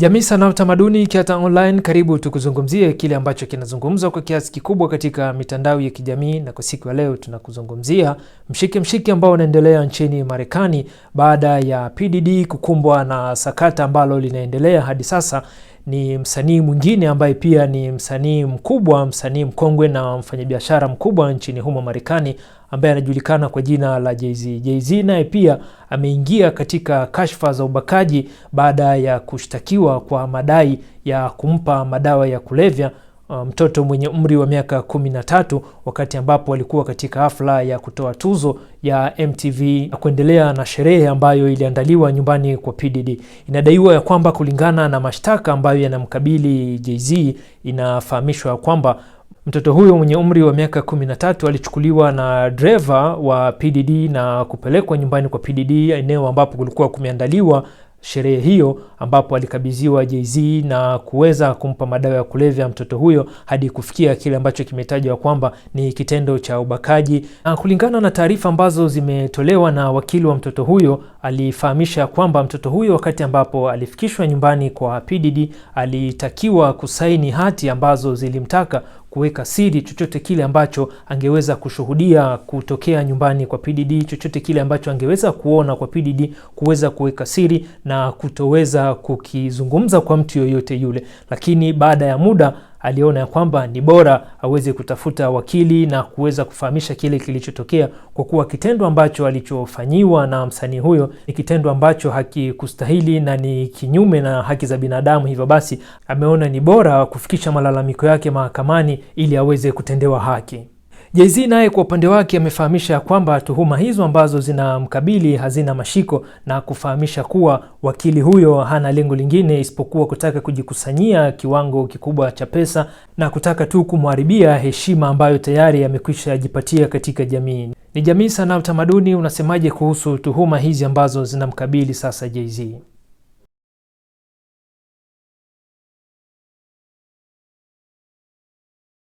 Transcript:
Jamii, sanaa utamaduni. Kyata Online, karibu tukuzungumzie kile ambacho kinazungumzwa kwa kiasi kikubwa katika mitandao ya kijamii, na kwa siku ya leo tunakuzungumzia mshike mshike ambao unaendelea nchini Marekani baada ya PDD kukumbwa na sakata ambalo linaendelea hadi sasa ni msanii mwingine ambaye pia ni msanii mkubwa, msanii mkongwe na mfanyabiashara mkubwa nchini humo Marekani, ambaye anajulikana kwa jina la Jay-Z. Jay-Z naye pia ameingia katika kashfa za ubakaji baada ya kushtakiwa kwa madai ya kumpa madawa ya kulevya Uh, mtoto mwenye umri wa miaka 13 wakati ambapo alikuwa katika hafla ya kutoa tuzo ya MTV na kuendelea na sherehe ambayo iliandaliwa nyumbani kwa PDD. Inadaiwa ya kwamba kulingana na mashtaka ambayo yanamkabili Jay-Z, inafahamishwa kwamba mtoto huyo mwenye umri wa miaka 13 alichukuliwa na dreva wa PDD na kupelekwa nyumbani kwa PDD, eneo ambapo kulikuwa kumeandaliwa sherehe hiyo ambapo alikabidhiwa jz na kuweza kumpa madawa ya kulevya mtoto huyo hadi kufikia kile ambacho kimetajwa kwamba ni kitendo cha ubakaji. Na kulingana na taarifa ambazo zimetolewa na wakili wa mtoto huyo, alifahamisha kwamba mtoto huyo wakati ambapo alifikishwa nyumbani kwa pdd alitakiwa kusaini hati ambazo zilimtaka kuweka siri chochote kile ambacho angeweza kushuhudia kutokea nyumbani kwa PDD, chochote kile ambacho angeweza kuona kwa PDD, kuweza kuweka siri na kutoweza kukizungumza kwa mtu yoyote yule. Lakini baada ya muda aliona ya kwamba ni bora aweze kutafuta wakili na kuweza kufahamisha kile kilichotokea, kwa kuwa kitendo ambacho alichofanyiwa na msanii huyo ni kitendo ambacho hakikustahili na ni kinyume na haki za binadamu. Hivyo basi, ameona ni bora kufikisha malalamiko yake mahakamani ili aweze kutendewa haki. Jay-Z naye kwa upande wake amefahamisha ya kwamba tuhuma hizo ambazo zinamkabili hazina mashiko na kufahamisha kuwa wakili huyo hana lengo lingine isipokuwa kutaka kujikusanyia kiwango kikubwa cha pesa na kutaka tu kumharibia heshima ambayo tayari amekwisha jipatia katika jamii. Ni jamii sana, utamaduni unasemaje kuhusu tuhuma hizi ambazo zinamkabili sasa Jay-Z?